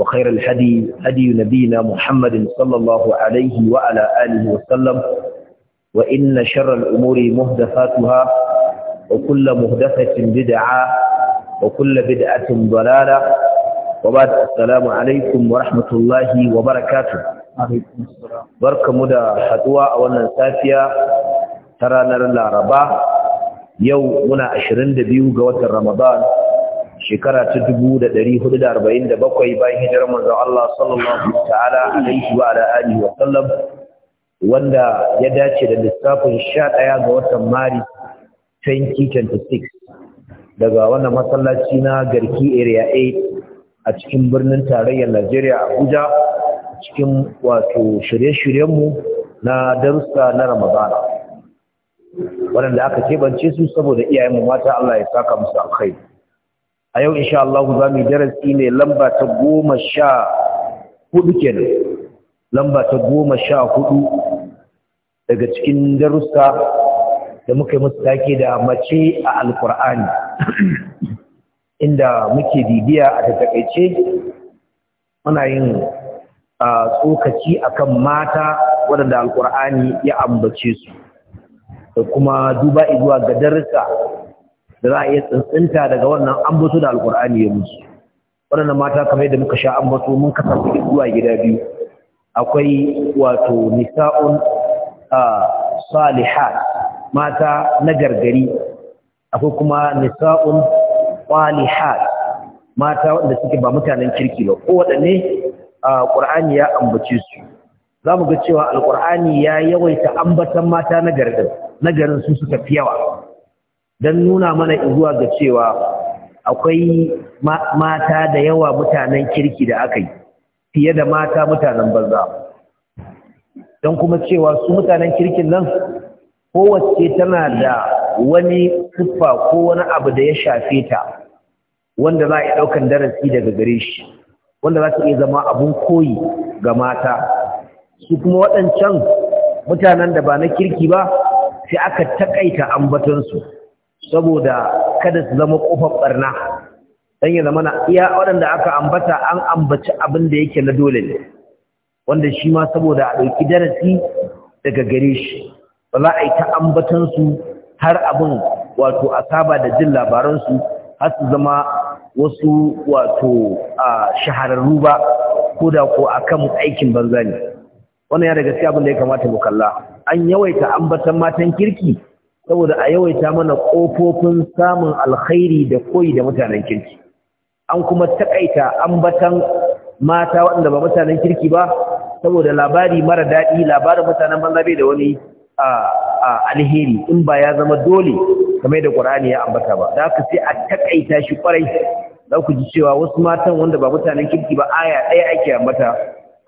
وخير الهدي هدي نبينا محمد صلى الله عليه وعلى آله وسلم وإن شر الأمور مهدفاتها وكل مهدفة بدعة وكل بدعة ضلالة وبعد السلام عليكم ورحمة الله وبركاته بركة مدى حدوى أولا سافية ترى نرى العرباء يوم منا عشرين دبيو قوة رمضان shekara ta dubu da da da hudu arba'in bakwai, bayan hijirar manzon Allah sallallahu ta'ala alaihi wa ala alihi wa sallam wanda ya dace da lissafin sha ɗaya ga watan mari 2026 daga wannan masallaci na Garki Area 8 a cikin birnin tarayyar Najeriya Abuja cikin wato shirye-shiryenmu na darussa na Ramadana waɗanda aka keɓance su saboda iyayenmu mata Allah ya saka musu alkhairi a yau insha Allah za mu darasi ne lamba ta goma sha hudu kenan lamba ta goma sha hudu daga cikin darussa da muka yi musu take da mace a alkur'ani inda muke bibiya a takaice muna yin tsokaci akan mata waɗanda alkur'ani ya ambace su da kuma duba zuwa ga darussa da za a iya tsintsinta daga wannan ambatu da alkur'ani ya musu waɗannan mata kamar yadda muka sha ambatu mun kasa su zuwa gida biyu akwai wato nisa'un salihat mata na gargari akwai kuma nisa'un salihat mata wanda suke ba mutanen kirki ba ko waɗanne ƙur'ani ya ambace su za mu ga cewa alƙur'ani ya yawaita ambatan mata na garin su suka fi yawa don nuna mana izuwa ga cewa akwai mata da yawa mutanen kirki da aka yi fiye da mata mutanen banza don kuma cewa su mutanen kirkin nan kowace tana da wani kuffa ko wani abu da ya shafe ta wanda za a yi ɗaukan darasi daga gare shi wanda za su iya zama abun koyi ga mata su kuma waɗancan mutanen da ba na kirki ba sai aka takaita su saboda kada su zama kofar barna dan ya zama iya waɗanda aka ambata an ambaci abin da yake na dole ne wanda shi ma saboda a ɗauki darasi daga gare shi ba za a yi ta ambatan su har abin wato a saba da jin labaransu har su zama wasu wato a shahararru ba ko da ko akan aikin banza ne wannan ya daga abin da ya kamata mu kalla an yawaita ambatan matan kirki saboda a yawaita mana ƙofofin samun alkhairi da koyi da mutanen kirki an kuma takaita ambatan mata waɗanda ba mutanen kirki ba saboda labari mara daɗi labarin mutanen banza bai da wani alheri in ba ya zama dole kamar da ƙur'ani ya ambata ba da haka sai a takaita shi kwarai za ku ji cewa wasu matan wanda ba mutanen kirki ba aya ɗaya ake ambata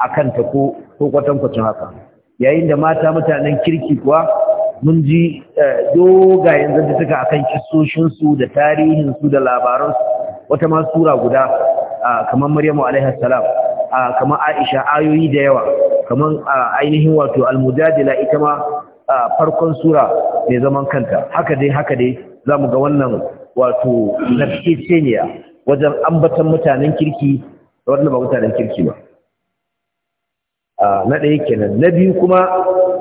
a kanta ko kwatankwacin haka yayin da mata mutanen kirki kuwa mun ji eh, dogayen suka a kan kisoshinsu da tarihinsu da labaransu wata ma sura guda kamar maryamu alaihassalam kamar aisha ayoyi da yawa kamar ainihin wato almujadila ita ma farkon sura mai zaman kanta haka dai haka dai za mu ga wannan wato nafisiniya wajen ambatan mutanen kirki da wadanda ba mutanen kirki ba na ɗaya kenan na biyu kuma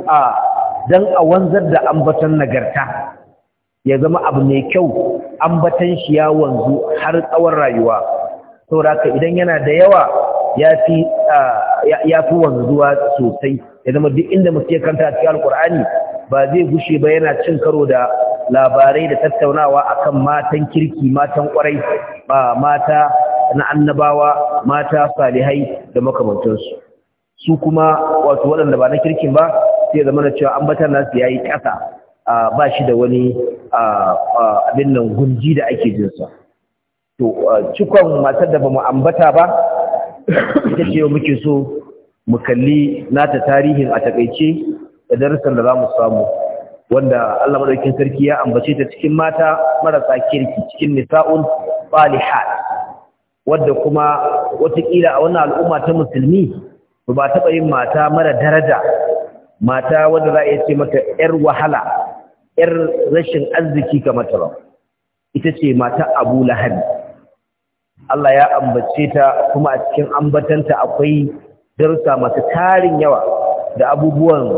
a don a wanzar da ambaton nagarta ya zama abu mai kyau ambaton shi ya wanzu har tsawon rayuwa sauraka idan yana da yawa ya fi wanzuwa sosai ya zama duk inda muke kanta a cikin alkur'ani ba zai gushe ba yana cin karo da labarai da tattaunawa akan matan kirki matan kwarai ba mata na annabawa mata salihai da makamantansu su kuma wato waɗanda ba na kirkin ba sai zama na cewa ambatar nasu ya yi ƙasa ba shi da wani abin nan gunji da ake jinsa to cikon matar da ba mu ambata ba ita ce muke so mu kalli nata tarihin a takaice da darasar da za mu samu wanda Allah madaukakin sarki ya ambace ta cikin mata marasa kirki cikin nisa'un salihat wadda kuma watakila a wannan al'umma ta musulmi to ba taɓa yin mata mara daraja mata wanda za a iya ce mata ‘yar wahala ‘yar rashin arziki ga mata ba ita ce mata abu lahabi Allah ya ambace ta kuma a cikin ambatanta akwai darussa masu tarin yawa da abubuwan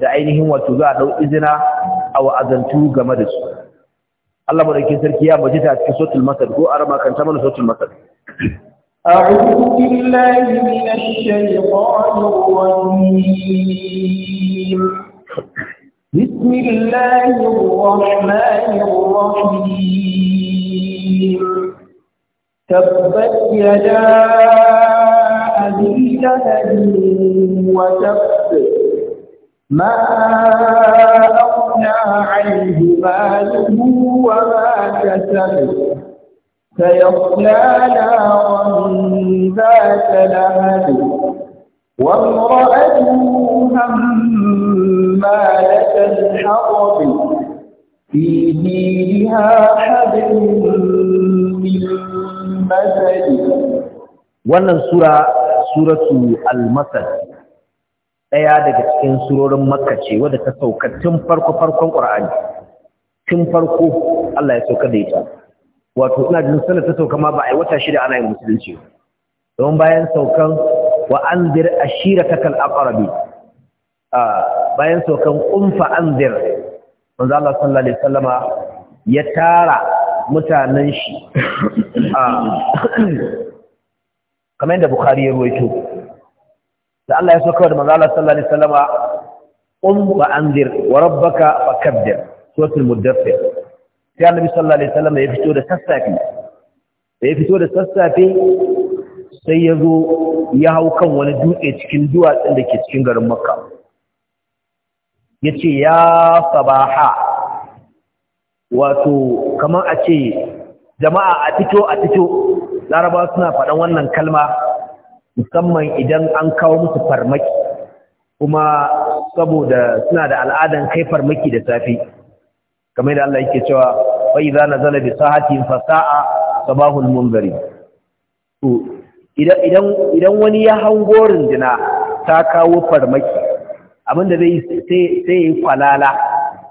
da ainihin wato za a ɗau izina a wa'azantu game da su Allah madaukin sarki ya baje ta cikin sotul masar ko a ramakanta mana sotul masar أعوذ بالله من الشيطان الرجيم بسم الله الرحمن الرحيم تبت يدا أبي لهب وتبت ما أغنى عنه ماله وما كسب سيصلى نارا ذات لهب وامرأته همالة الحطب في دينها حبل من مسد wannan sura suratu al-masad daya daga cikin surorin makka ce wadda ta sauka tun farko farkon qur'ani tun farko Allah ya sauka da ita wato ina jin sallar ta sauka ma ba a yi wata shida ana yin musulunci don bayan saukan wa anzir ashiratakal aqrabi bayan saukan umfa anzir manzo Allah sallallahu alaihi wasallama ya tara mutanen shi kamar yadda Bukhari ya ruwaito da Allah ya sauka da manzo Allah sallallahu alaihi wasallama um wa anzir wa rabbaka fakabbir suratul mudaththir sai annabi sallallahu alaihi wasallam ya fito da sassafe da ya fito da sassafe sai ya zo ya hau kan wani dutse cikin duwatsun da ke cikin garin makka ya ce ya sabaha wato kamar a ce jama'a a fito a fito laraba suna faɗan wannan kalma musamman idan an kawo musu farmaki kuma saboda suna da al'adan kai farmaki da safe kamar da Allah yake cewa fa idza nazala bi sahatin fa sa'a sabahul munzari to idan idan idan wani ya hango rinjina ta kawo farmaki abinda zai sai sai falala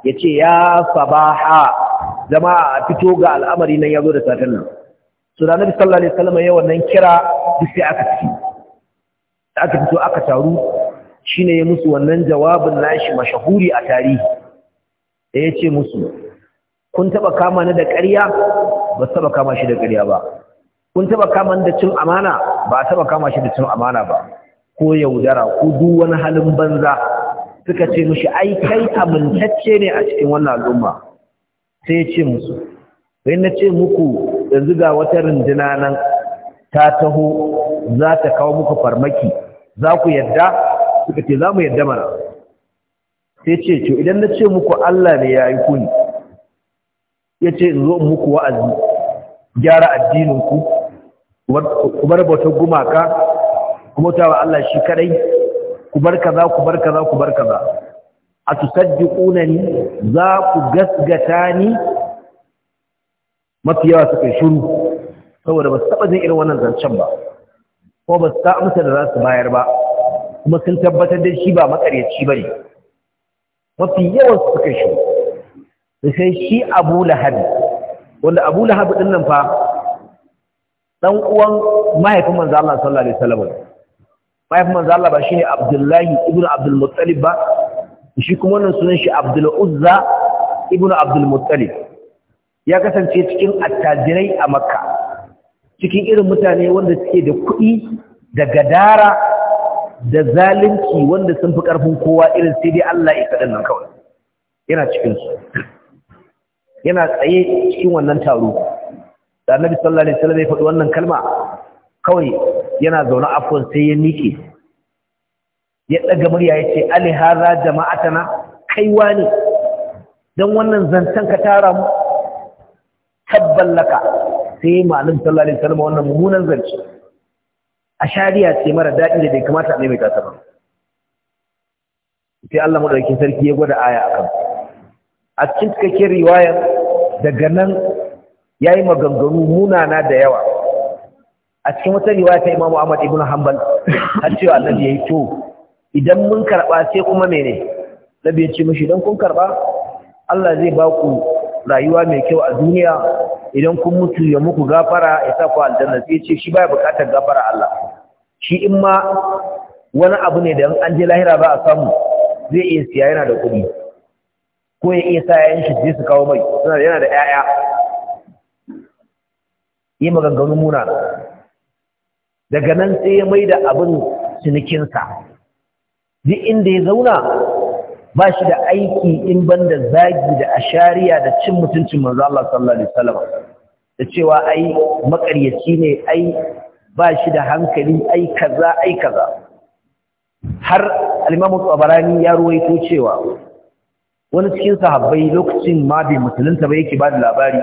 yace ya sabaha jama'a fito ga al'amari nan yazo da satan nan so da Nabi sallallahu alaihi wasallam ya wannan kira duk sai aka ci aka fito aka taru shine ya musu wannan jawabin nashi mashahuri a tarihi da ya ce musu kun taba kama ni da ƙarya ba taba kama shi da ƙarya ba kun taba kama ni da cin amana ba taba kama shi da cin amana ba ko yaudara ko duk wani halin banza suka ce mushi ai kai amintacce ne a cikin wannan al'umma sai ya ce musu sai na ce muku yanzu ga wata rundina nan ta taho za ta kawo muku farmaki za ku yadda suka ce za mu yadda mana sai ce to idan na ce muku Allah ne ya yi kuni ya ce in zo muku wa'azi gyara addininku ku bar bautar gumaka ku bauta wa Allah shi kadai ku bar kaza ku bar kaza ku bar kaza a tusaddiquna ni za ku gasgata ni mafi yawa kai shiru saboda ba su taɓa jin irin wannan zancen ba ko ba su ta amsa da za su bayar ba kuma sun tabbatar da shi ba makaryaci ba ne mafi yawan su suka shi sai shi abu lahabi wanda abu lahabi din nan fa dan uwan mahaifin manzo Allah sallallahu alaihi wasallam mahaifin manzo Allah ba shine Abdullahi ibnu Abdul Muttalib ba shi kuma wannan sunan shi Abdul Uzza ibnu Abdul Muttalib ya kasance cikin attajirai a Makka cikin irin mutane wanda suke da kuɗi da gadara da zalunci wanda sun fi ƙarfin kowa irin sai dai Allah ya faɗin nan kawai yana cikinsu yana tsaye cikin wannan taro da annabi sallallahu alaihi wasallam ya faɗi wannan kalma kawai yana zaune fon sai ya nike ya ɗaga murya ya ce ali haza jama'atana kaiwa ne don wannan zancen ka tara mu tabballaka sai malin sallallahu alaihi wasallam wannan mummunan zance a shari'a ce mara daɗi da bai kamata a mai tasar ba sai Allah maɗauki sarki ya gwada aya akan a cikin cikakken riwaya daga nan ya yi maganganu munana da yawa a cikin wata riwaya ta imamu Ahmad ibn Hanbal har cewa annabi yi to idan mun karɓa sai kuma mene nabi ya ce mashi idan kun karɓa? Allah zai ba ku rayuwa mai kyau a duniya idan kun mutu ya muku gafara ya sa ku aljanna sai ce shi baya bukatar gafara Allah shi in ma wani abu ne da an je lahira ba a samu zai iya siya yana da kuɗi ko ya iya sa yayin shi zai su kawo mai suna yana da 'ya'ya. yi maganganun muna daga nan sai ya mai da abin cinikinsa duk inda ya zauna ba shi da aiki in banda zagi da ashariya da cin mutuncin manzo Allah sallallahu alaihi wasallam da cewa ai makaryaci ne ai ba shi da hankali ai kaza ai kaza har al-Imam Tabarani ya ruwaito cewa wani cikin sahabbai lokacin ma bai musulunta ba yake ba da labari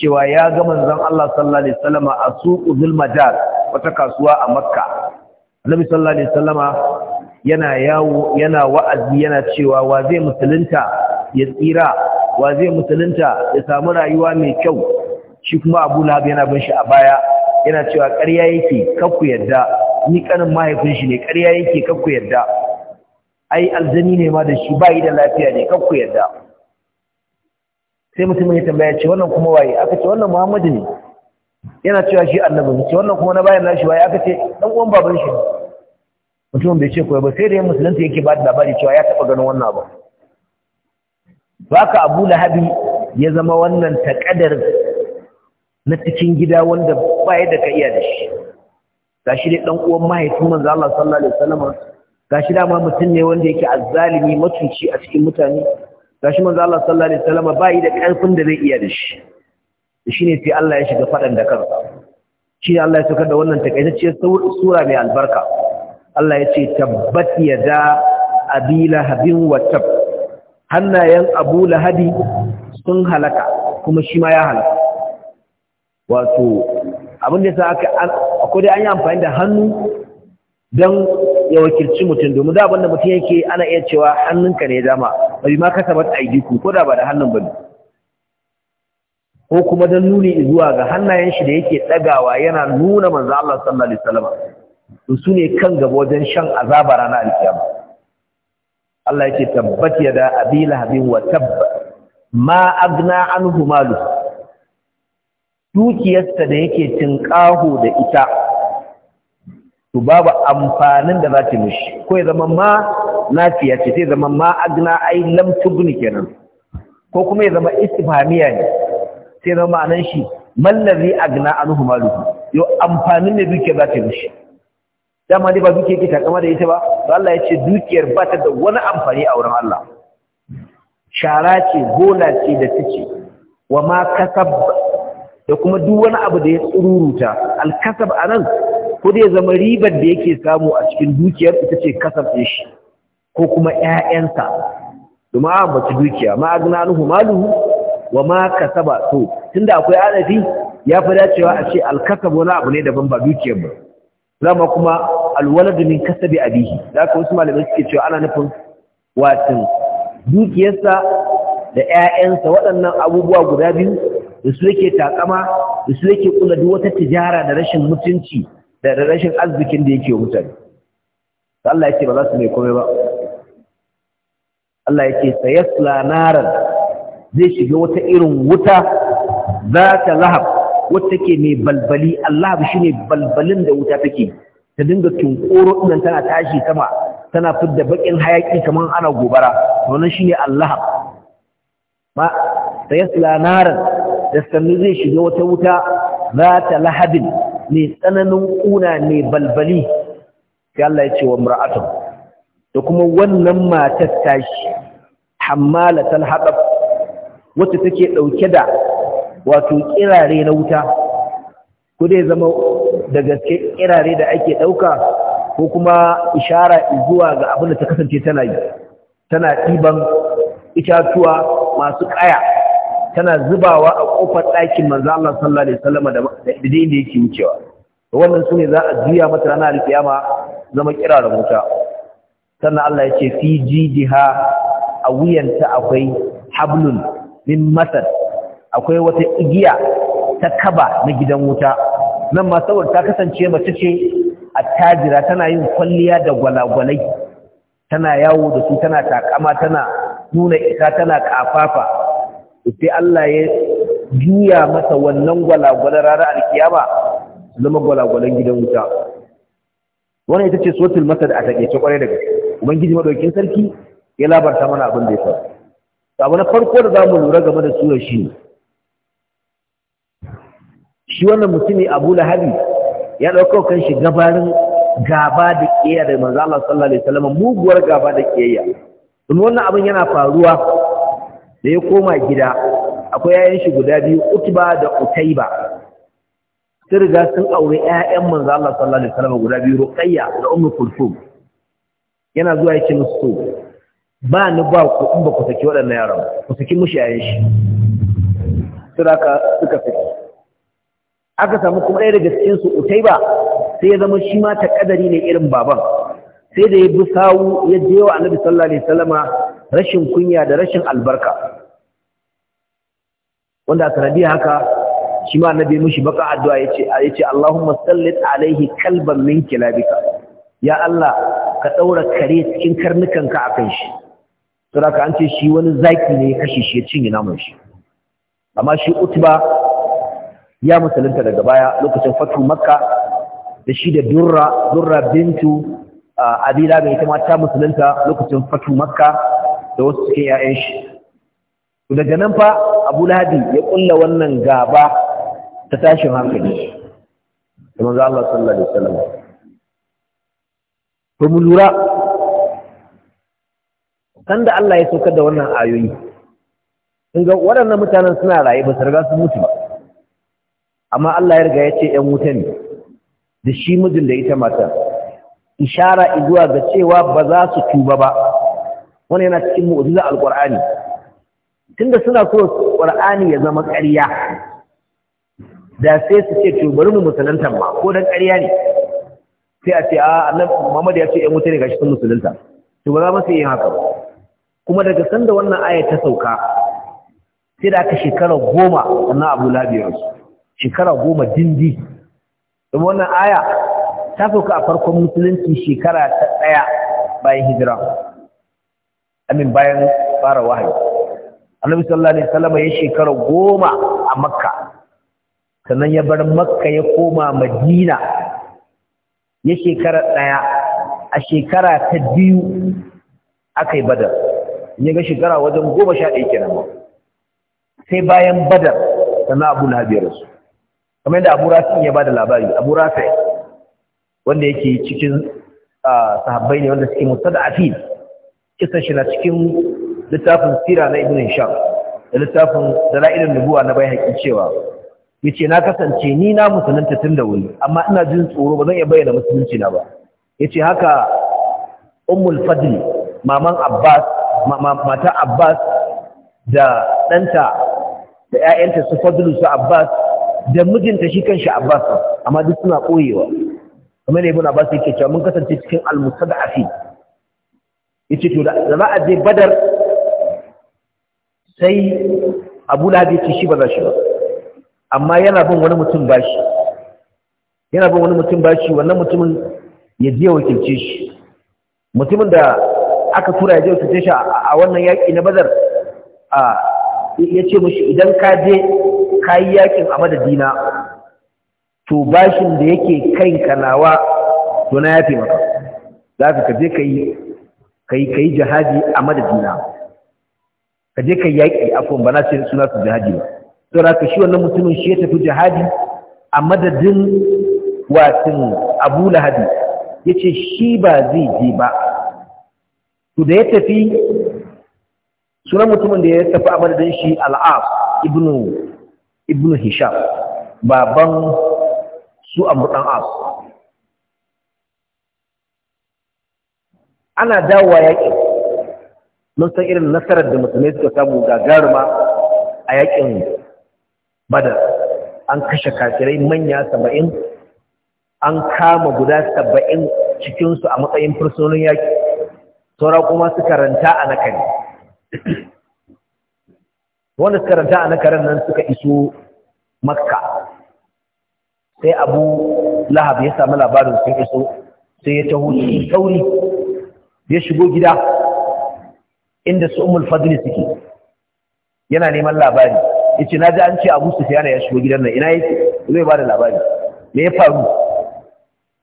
cewa ya ga manzon Allah sallallahu alaihi wasallam a suqul majal wata kasuwa a Makka Annabi sallallahu alaihi wasallama yana yawo yana wa'azi yana cewa wa zai musulunta ya tsira wa zai musulunta ya samu rayuwa mai kyau shi kuma abu lahab yana bin shi a baya yana cewa ƙarya yake kakku yadda ni kanin mahaifin shi ne ƙarya yake kakku yadda ai aljani ne ma da shi ba yi da lafiya ne kakku yadda sai mutumin ya tambaya ce wannan kuma waye aka ce wannan muhammadu ne yana cewa shi annabi ce wannan kuma na bayan nashi waye aka ce dan uwan baban shi ne mutum bai ce koyi ba sai da ya musulunta yake ba da labari cewa ya taɓa ganin wannan ba. baka abu lahabi ya zama wannan taƙadar na cikin gida wanda baya da ka iya da shi shi dai dan uwan mahaifin manzo Allah sallallahu alaihi wasallam gashi dama mutum ne wanda yake azzalimi mutunci a cikin mutane gashi manzo Allah sallallahu alaihi wasallam bai da ƙarfin da zai iya da shi shi ne sai Allah ya shiga fadan da kansa shi Allah ya saukar da wannan takaitacciyar sura mai albarka Allah ya ce tabbat yada abi lahabin habin tab hannayen abu lahabi sun halaka kuma shi ma ya halaka wato abin da sa aka akwai dai an yi amfani da hannu don ya wakilci mutum domin za abin da mutum yake ana iya cewa hannunka ne dama bari ma ka yi duku, ko da ba da hannun bane ko kuma don nuni zuwa ga hannayen shi da yake tsagawa yana nuna manzo Allah sallallahu alaihi wasallam to su ne kan gaba wajen shan azaba rana alkiyama Allah yake tabbat yada abila lahabin wa tabba ma agna anhu malu dukiyarsa da yake tinkaho da ita to babu amfanin da za ta mishi ko ya zama ma nafiya ce sai zama ma agna ai lam tubni kenan ko kuma ya zama istifhamiya ne sai zama ma'anan shi mallazi agna anhu malu yo amfanin ne duke za ta mishi dama dai ba dukiya yake takama da ita ba to Allah ya ce dukiyar ba ta da wani amfani a wurin Allah shara ce gola ce da tace wa ma kasab da kuma duk wani abu da ya tsururuta al kasab anan ko da ya zama ribar da yake samu a cikin dukiyar ita ce kasab din shi ko kuma ƴaƴansa domin ba bace dukiya ma agnanuhu maluhu wa ma kasaba to tunda akwai adadi, ya fi dacewa a ce al kasab wani abu ne daban ba dukiyar ba zama kuma alwaladu min kasabi abihi da aka wasu malamai suke cewa ana nufin watan dukiyarsa da ƴaƴansa waɗannan abubuwa guda biyu da su yake takama da su yake kula duk wata tijara da rashin mutunci da rashin arzikin da yake mutane Allah ya ba za su mai komai ba Allah ya ce sayasla naran zai shiga wata irin wuta za ta lahab wacce ke mai balbali Allah shi ne balbalin da wuta take ta dinga tunkoro ɗin tana tashi sama tana fidda bakin hayaƙi kamar ana gobara wannan ne Allah ma sayasla naran da sannu zai shiga wata wuta za ta lahabin mai tsananin ƙuna mai balbali Ya Allah ya ce wa mar'atun da kuma wannan matar tashi hammala haɗaf wacce take ɗauke da wato kirare na wuta ko dai zama da gaske kirare da ake ɗauka ko kuma ishara zuwa ga abin da ta kasance tana yi tana ɗiban itatuwa masu kaya, tana zubawa a ƙofar ɗakin manzo Allah sallallahu alaihi wasallam da dai da yake wucewa wannan sune za a juya mata ranar alkiyama zama kiraren wuta sannan Allah ya ce fi jijiha a wuyanta akwai hablun min masar akwai wata igiya ta kaba na gidan wuta nan ma saboda ta kasance mace ce a tajira tana yin kwalliya da gwalagwalai tana yawo da su tana takama tana nuna isa tana kafafa sai Allah ya juya masa wannan gwalagwalar rana alkiyama zama gwalagwalan gidan wuta wannan ita ce sotil masad a takeice kwarai da gaske ubangiji madaukin sarki ya labarta mana abin da ya faru abu na farko da zamu lura game da surar shi shi wannan mutumi abu lahabi ya ɗauka kan shi gabarin gaba da ƙiyayya da manzo Allah sallallahu alaihi wasallam muguwar gaba da ƙiyayya don wannan abin yana faruwa da ya koma gida akwai yayan shi guda biyu Utba da Utaiba sun riga sun aure ƴaƴan manzo Allah sallallahu alaihi wasallam guda biyu Ruqayya da Ummu Kulthum yana zuwa yake musu so ba ni ba ku in ba ku saki waɗannan yaran ku saki mushi yayan shi sai suka saki aka samu kuma ɗaya daga cikin su utaiba sai ya zama shi ma ta ƙadari ne irin baban sai da ya bi sawu ya je wa annabi sallallahu alaihi wasallama rashin kunya da rashin albarka wanda a rabi haka shi ma annabi mushi baka addu'a ya yace Allahumma sallit alaihi kalban min kilabika ya Allah ka daura kare cikin karnukanka akan shi saboda an ce shi wani zaki ne ya kashe shi ya cinye naman shi amma shi utba ya musulunta daga baya lokacin fatu makka da shi da durra durra bintu abila mai ita mata musulunta lokacin fatu makka da wasu suke yayan shi daga nan fa abu lahadi ya kulla wannan gaba ta tashin hankali da manzo Allah sallallahu alaihi wasallam to mu lura kan da Allah ya saukar da wannan ayoyi kun ga waɗannan mutanen suna raye ba su riga sun mutu ba amma Allah ya riga ya ce ‘yan wuta ne da shi mijin da ita mata. ishara izuwa ga cewa ba za su tuba ba wani yana cikin mu'ujiza alƙur'ani tunda suna so ƙur'ani ya zama ƙarya da sai su ce to bari mu musulunta ma ko don ƙarya ne sai a ce a annabi Muhammad ya ce ‘yan wuta ne ga shi sun musulunta to ba za mu yin haka kuma daga sanda wannan aya ta sauka sai da aka shekara goma wannan abu labiyarsu shekara goma dindi don wannan aya ta sauka a farkon musulunci shekara ta ɗaya bayan hijira amin bayan fara wahayi annabi sallallahu alaihi wasallam ya shekara goma a makka sannan ya bar makka ya koma madina ya shekara ɗaya a shekara ta biyu aka yi badar ya ga shekara wajen goma sha ɗaya kenan sai bayan badar sannan abu na biyar su kuma yadda abu rafi ya ba da labari abu rafi wanda yake cikin sahabbai ne wanda suke da afi kisan shi na cikin littafin sira na ibn hisham da littafin dala'ilin nubuwa na bai haƙi cewa ce na kasance ni na musulunta tun da wuri amma ina jin tsoro ba zan iya bayyana musulunci na ba Ya ce haka ummul Fadli, maman abbas mata abbas da ɗanta da ‘ya'yanta su fadlu su abbas da mijinta shi kan shi Abbas amma duk suna koyewa kamar Ibn Abbas yake cewa mun kasance cikin al-mustada'afi yace to da za a je Badar sai Abu Lahab ce shi ba za shi ba amma yana bin wani mutum bashi yana bin wani mutum bashi wannan mutumin ya je wakilce shi mutumin da aka tura ya je wakilce shi a wannan yaki na Badar a ya ce mushi idan ka je kayi yakin a madadina to bashin da yake kan kanawa to na yafe maka za ka kaje ka yi jihadi a madadina ka yi ka yaƙi akwai ba na ce suna su jihadi ba to da ka shi wannan mutumin shi ya tafi jihadi a madadin watin abu lahabi ya ce shi ba zai je ba to da ya tafi sunan mutumin da ya tafi a madadin shi al'af ibnu ibnu hisham baban su a dan as ana dawowa yaƙi mun san irin nasarar da mutane suka samu gagaruma a yaƙin badar an kashe kafirai manya saba'in an kama guda saba'in cikinsu a matsayin fursunan yaƙi saura kuma suka ranta a nakari wanda suka ranta a nakarar nan suka iso makka sai abu lahab ya sami labarin sun iso sai ya taho sauri ya shigo gida inda su umul fadli suke yana neman labari ya ce na ji an ce abu su ya shigo gidan nan ina yake zai ba da labari me ya faru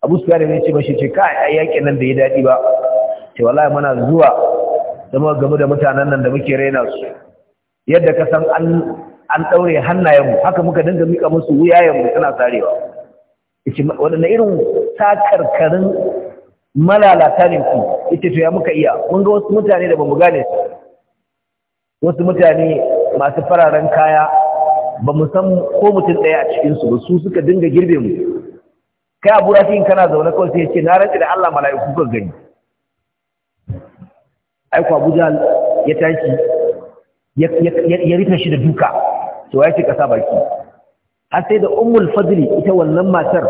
abu su ya ce mashi ce ka a yakin nan da ya daɗi ba ce wallahi mana zuwa zama game da mutanen nan da muke raina su yadda ka san an ɗaure hannayenmu haka muka dinga mika musu wuyayenmu suna sarewa waɗanda irin takarkarin malalata ne ku ita to ya muka iya mun ga wasu mutane da ba mu gane su wasu mutane masu fararen kaya ba mu san ko mutum ɗaya a cikinsu ba su suka dinga girbe mu kai abu rafi kana zaune kawai sai ya ce na rantsi da Allah mala'iku kan gani aiko Abuja ya tashi ya rufe shi da duka to ya ce kasa baki har sai da ummul fadli ita wannan matar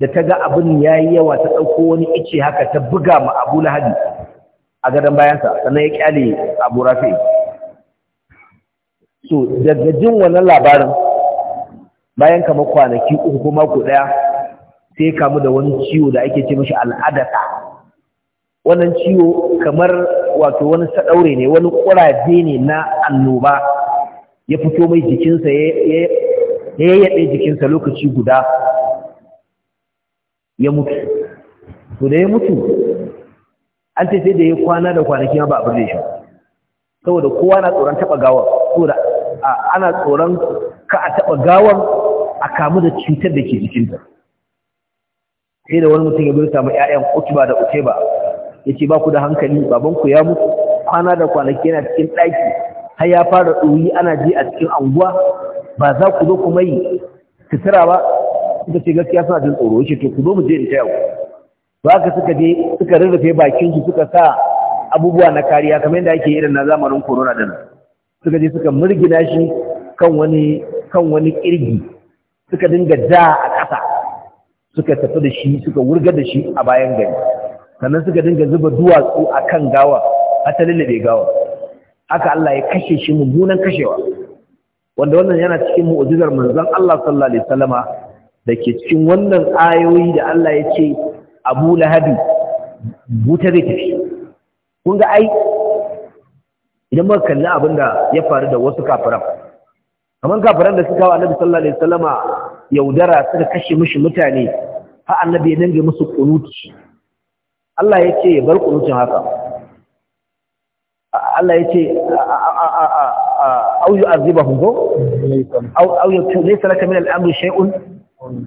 da ta ga abin yayi yawa ta dauko wani ice haka ta buga ma Abu Lahabi a gadan bayansa sannan ya kyale Abu Rafi to daga jin wannan labarin bayan kamar kwanaki uku ko mako daya sai kamu da wani ciwo da ake ce mishi al'adata wannan ciwo kamar wato wani sadaure ne wani kuraje ne na annoba ya fito mai jikinsa ya yaɗe jikinsa lokaci guda ya mutu to da ya mutu an ce sai da ya kwana da kwanaki ba abin da shi saboda kowa na tsoron taɓa gawar saboda ana tsoron ka a taɓa gawar a kamu da cutar da ke jikinta sai da wani mutum ya bai samu 'ya'yan utuba da uteba ya ce ba ku da hankali baban ku ya mutu kwana da kwanaki yana cikin ɗaki har ya fara ɗoyi ana ji a cikin anguwa ba za ku zo kuma yi fitira ba suka ce gaskiya suna jin tsoro shi to ku zo mu je in taya ba ka suka je suka rarrafe bakin su suka sa abubuwa na kariya kamar yadda ake irin na zamanin corona din suka je suka murgina shi kan wani kan wani kirgi suka dinga da a ƙasa suka tafi da shi suka wurga da shi a bayan gari sannan suka dinga zuba duwatsu a kan gawa ta lullube gawa haka Allah ya kashe shi mummunan kashewa wanda wannan yana cikin muujizar manzon Allah sallallahu alaihi wasallama da ke cikin wannan ayoyi da Allah ya ce Abu Lahadi buta zai tafi kun ga ai idan muka kalli abin da ya faru da wasu kafiran kamar kafiran da suka wa annabi sallallahu alaihi wasallama yaudara suka kashe mishi mutane har annabi ya dinga musu kunuti Allah ya ce bar kunutin haka Allah ya ce au yu'azibahum ko au au yutu laysa laka min al-amri shay'un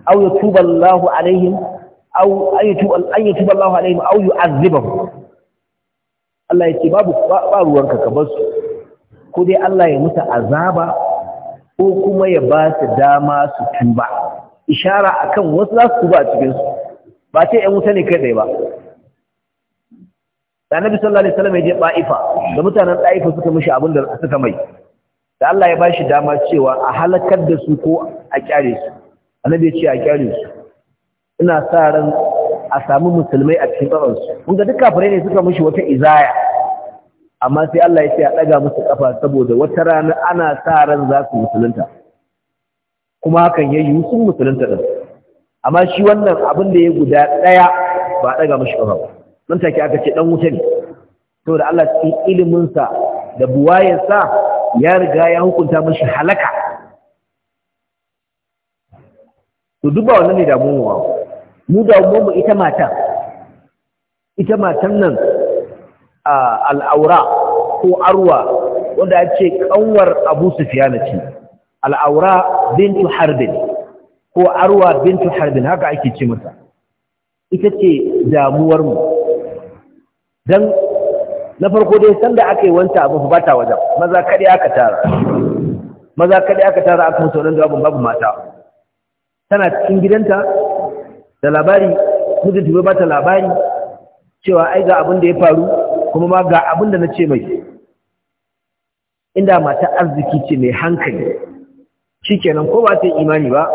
au yatuba Allahu alaihim au ayyatuba Allahu alaihim au yu'azibahum Allah ya ce babu ruwan ruwanka ka bar su ko dai Allah ya musu azaba ko kuma ya ba su dama su tuba ishara akan wasu za su tuba a cikin su ba ce ƴan wuta ne kai ba da annabi sallallahu alaihi wasallam ya je ba'ifa da mutanen Taifa suka mishi abin da suka mai da Allah ya bashi dama cewa a halakar da su ko a kyare su annabi ya ce a kyare su ina sa ran a samu musulmai a cikin tsaron su kun ga duk kafirai ne suka mishi wata izaya amma sai Allah ya ce a daga musu kafa saboda wata rana ana sa ran za su musulunta kuma hakan ya yi sun musulunta din amma shi wannan abin da ya guda ɗaya ba a daga mishi kafa ba nan take aka ce dan wuta ne da Allah cikin ilimin sa da sa ya riga ya hukunta mishi halaka to duk ba wannan ne da mu wa mu ita matan ita matan nan al'aura ko arwa wanda ya ce kanwar abu Sufyan ce al'aura bintu harbin ko arwa bintu harbin haka ake ce mata ita ce mu dan na farko dai sanda aka yi wanta abu ba ta wajen maza kaɗi aka tara maza kaɗi aka tara aka mutu wadanda babu mata tana cikin gidanta da labari mijinta bai bata labari cewa ai ga abin da ya faru kuma ma ga abin da na ce mai inda mata arziki ce mai hankali shi kenan ko ba ta yi imani ba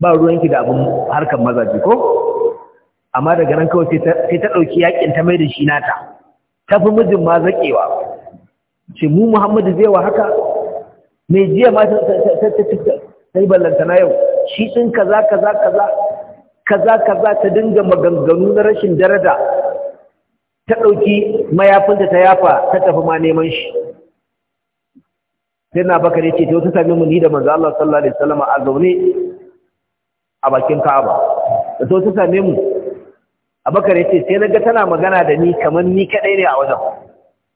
ba ruwanki da abin harkar mazaji ko amma daga nan kawai sai ta ɗauki yakin ta mai da shi nata ta fi mijin ma zaƙewa ce mu muhammadu zai wa haka mai jiya ma ta yi ballanta na yau shi ɗin kaza kaza kaza kaza kaza ta dinga maganganu na rashin daraja ta ɗauki mayafinta ta yafa ta tafi ma neman shi sai na bakare ce ta wata sami muni da manzo Allah sallallahu alaihi wasallam a zaune a bakin Ka'aba da ta wata sami mu abakar ya ce sai na ga tana magana da ni kamar ni kaɗai ne a wajen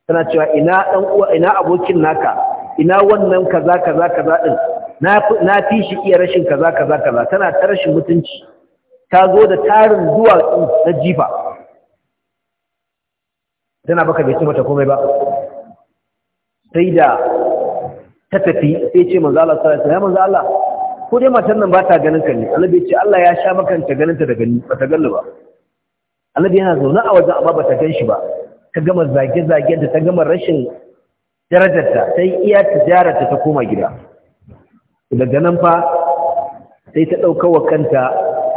tana cewa ina ɗan uwa ina abokin naka ina wannan kaza kaza kaza din. na fi shi iya rashin kaza kaza kaza tana ta rashin mutunci ta zo da tarin zuwa na jifa tana baka bai ce mata komai ba sai da ta tafi sai ce manzo Allah sallallahu alaihi wasallam manzo Allah ko dai matan nan ba ta ganin ka ne Allah bai ce Allah ya sha ta ganin ta daga ni, ba ta gallu ba Aladu yana zaune a wajen amma bata gan shi ba ta gama zage-zagen da ta gama rashin darajarta sai iya tijararta ta koma gida daga nan fa sai ta ɗauka wa kanta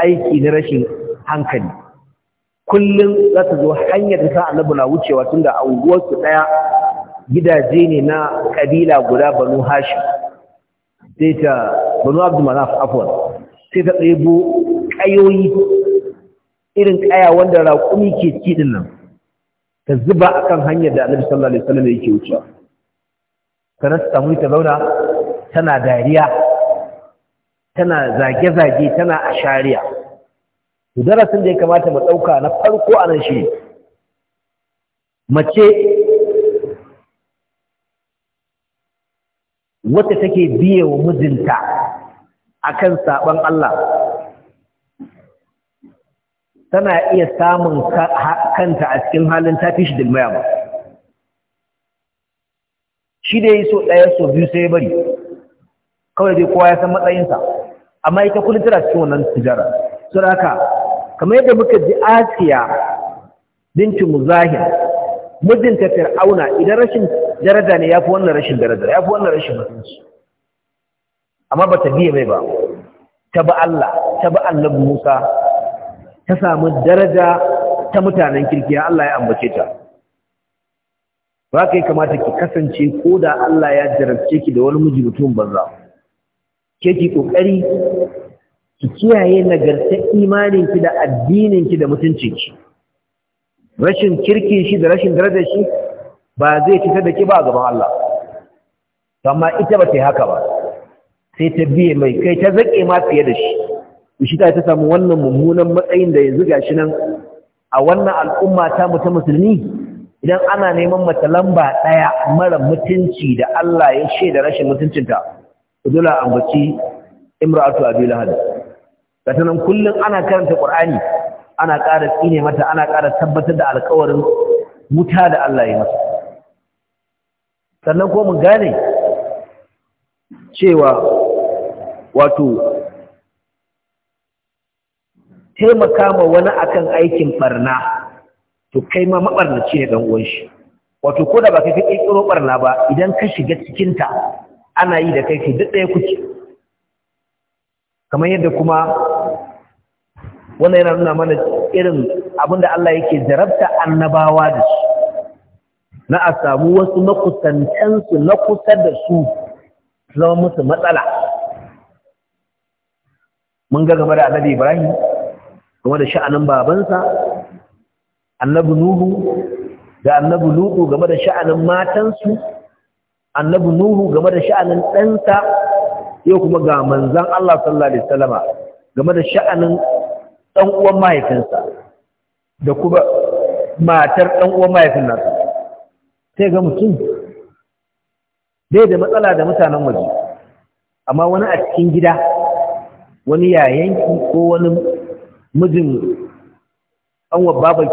aiki na rashin hankali kullum za ta zo hanyar da sa annabi na wucewa tun da anguwarsu ɗaya gidaje ne na ƙabila guda banu hashim sai ta banu abdu manaf afwan sai ta ɗebo ƙayoyi irin kaya wanda raƙumi ke ci din nan ka zuba a kan hanyar da Annabi sallallahu alaihi wasallam yake wucewa ka rasa samu ta zauna tana dariya tana zage-zage tana a shariya. to darasin da ya kamata mu ɗauka na farko a nan shi mace wata take biye wa mijinta akan saban Allah tana iya samun kanta a cikin halin tafi shi dilmaya ba shi da ya yi so ɗaya so biyu sai ya bari kawai dai kowa ya san matsayinsa amma ita kudin tana cikin wannan tijara Su haka kamar yadda muka ji asiya binci muzahir tafiyar auna idan rashin daraja ne ya fi wannan rashin daraja ya fi wannan rashin mutunci amma ba ta biya mai ba ta ba Allah ta ba Allah Musa ta samu daraja ta mutanen kirki ya Allah ya ambace ta ba kai kamata ki kasance ko da Allah ya jarabce ki da wani miji mutum banza ke ki kokari ki kiyaye nagarta imanin ki da addinin ki da mutuncin ki rashin kirki shi da rashin daraja shi ba zai ci da ki ba a gaban Allah amma ita ba ta yi haka ba sai ta biye mai kai ta zaƙe ma fiye da shi shi ta ta samu wannan mummunan matsayin da ya yanzu shi nan a wannan al'umma ta mu ta musulmi idan ana neman mata lamba ɗaya mara mutunci da Allah ya shaida rashin mutuncinta dole ambaci imra'atu abi Lahadi. kata nan kullum ana karanta qur'ani ana ƙara tsine mata ana ƙara tabbatar da alƙawarin wuta da Allah ya masa sannan ko mu gane cewa wato taimaka ma wani akan aikin barna to kai ma mabarnaci ne dan uwan shi wato ko da ba kai kirkiro barna ba idan ka shiga cikin ta ana yi da kai duk ɗaya kuke kamar yadda kuma wannan yana nuna mana irin abinda Allah yake jarabta annabawa da shi. na a samu wasu su na kusa da su zama musu matsala mun ga game da annabi Ibrahim kuma da sha'anin babansa annabi nuhu da annabi lutu game da sha'anin matansu annabi nuhu game da sha'anin ɗansa yau kuma ga manzan Allah sallallahu alaihi wasallama game da sha'anin ɗan uwan mahaifinsa da kuma matar ɗan uwan mahaifin nasu sai ga mutum bai da matsala da mutanen waje amma wani a cikin gida wani yayanki ko wani mijin wa babaki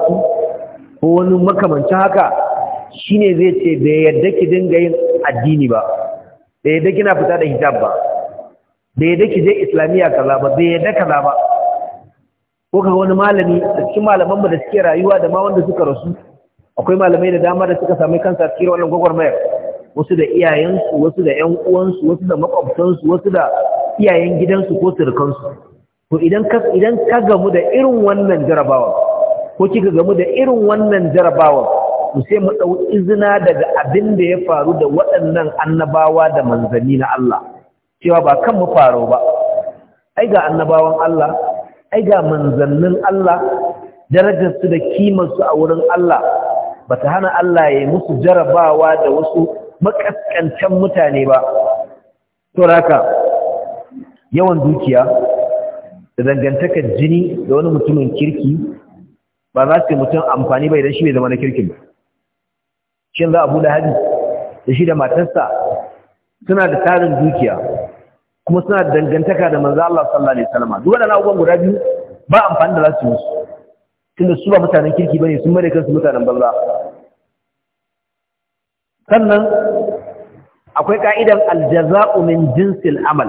ko wani makamancin haka shine zai ce bai yadda ki dinga yin addini ba da yadda kina fita da hijab ba da yadda ki je islamiyya kaza ba bai yadda kaza ba ko kaga wani malami da cikin malaman mu da suke rayuwa da ma wanda suka rasu akwai malamai da dama da suka sami kansa a cikin wannan gwagwarmayar wasu da iyayensu wasu da 'yan uwansu wasu da makwabtansu wasu da iyayen gidansu ko surukansu to idan ka idan ka gamu da irin wannan jarabawa ko kika gamu da irin wannan jarabawa mu sai mu dau izina daga abin da ya faru da waɗannan annabawa da manzanni na Allah cewa ba kan mu faro ba ai ga annabawan Allah ai ga manzannin Allah darajar su da kimar su a wurin Allah bata hana Allah ya musu jarabawa da wasu makaskantan mutane ba to raka yawan dukiya da dangantakar jini da wani mutumin kirki ba za su yi mutum amfani bai don shi bai zama na kirkin shin za a buɗe haji da shi da matarsa suna da tarin dukiya kuma suna da dangantaka da manzo Allah sallallahu alaihi wasallam duk waɗannan abubuwan guda biyu ba amfani da za su yi tunda su ba mutanen kirki bane sun mare kansu mutanen banza sannan akwai ka'idan aljaza'u min jinsil amal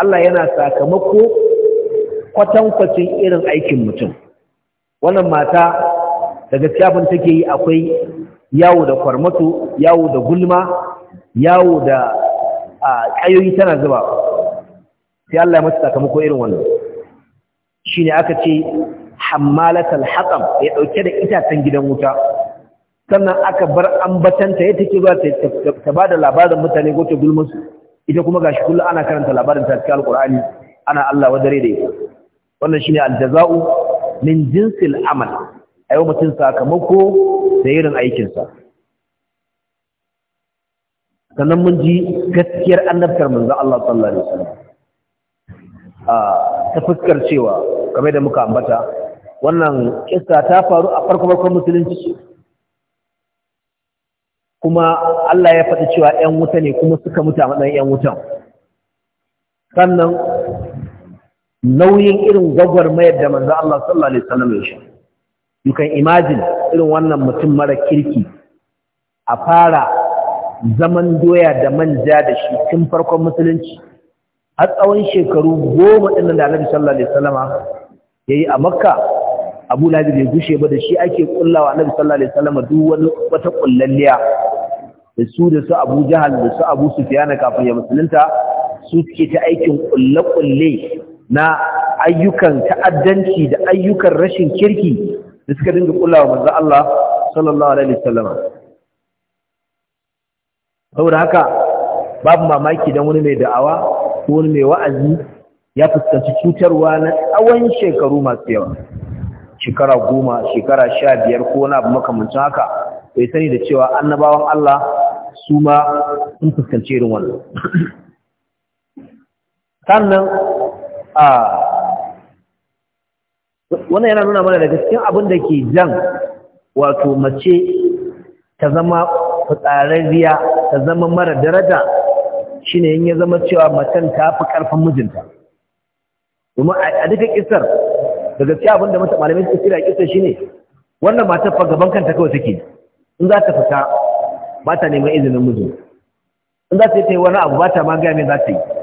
Allah yana sakamako kwatankwacin irin aikin mutum wannan mata da gaskiya take yi akwai yawo da kwarmato yawo da gulma yawo da ƙayoyi tana zuba sai Allah ya mata sakamako irin wannan shine aka ce hammalatal haqam ya dauke da itacen gidan wuta sannan aka bar ambatanta ya take zuwa ta da labarin mutane ko ta gulma ita kuma gashi kullum ana karanta labarin ta cikin alƙur'ani ana Allah wadare da ita wannan shi ne aljaza'u min jinsil amal yau mutum sakamako da irin aikinsa. sannan mun ji gaskiyar annabtar manzan Allah sallallahu alaihi wasallam a ta fuskar cewa kamar da muka ambata wannan kisa ta faru a farko farkon musulunci kuma Allah ya faɗi cewa ‘yan wuta ne kuma suka mutu a matsayin ‘yan wutan sannan nauyin irin gwagwarmayar da manzo Allah sallallahu alaihi wasallam ya sha you can imagine irin wannan mutum mara kirki a fara zaman doya da manja da shi tun farkon musulunci a tsawon shekaru goma ɗin da Annabi sallallahu alaihi wasallam yayi a Makka Abu Lahab bai gushe ba da shi ake kullawa Annabi sallallahu alaihi wasallam duk wani wata kullalliya da su da su Abu Jahal da su Abu Sufyan kafin ya musulunta su suke ta aikin kullakulle kulle na ayyukan ta'addanci da ayyukan rashin kirki da suka dinga kulawa manzo Allah sallallahu alaihi wasallam saboda haka babu mamaki dan wani mai da'awa ko wani mai wa'azi ya fuskanci cutarwa na tsawon shekaru masu yawa shekara goma shekara sha biyar ko wani abu makamancin haka bai sani da cewa annabawan Allah su ma sun fuskanci irin wannan sannan a wannan yana nuna mana da cikin abin da ke jan wato mace ta zama fitsararriya ta zama mara daraja shine yin ya zama cewa macen ta fi karfin mijinta domin a duka kisar da cikin abin da malamai suka kira kisar shine wannan matar fa gaban kanta kawai take in za ta fita ba ta neman izinin mijin in za ta yi wani abu ba ta ma gaya me za ta yi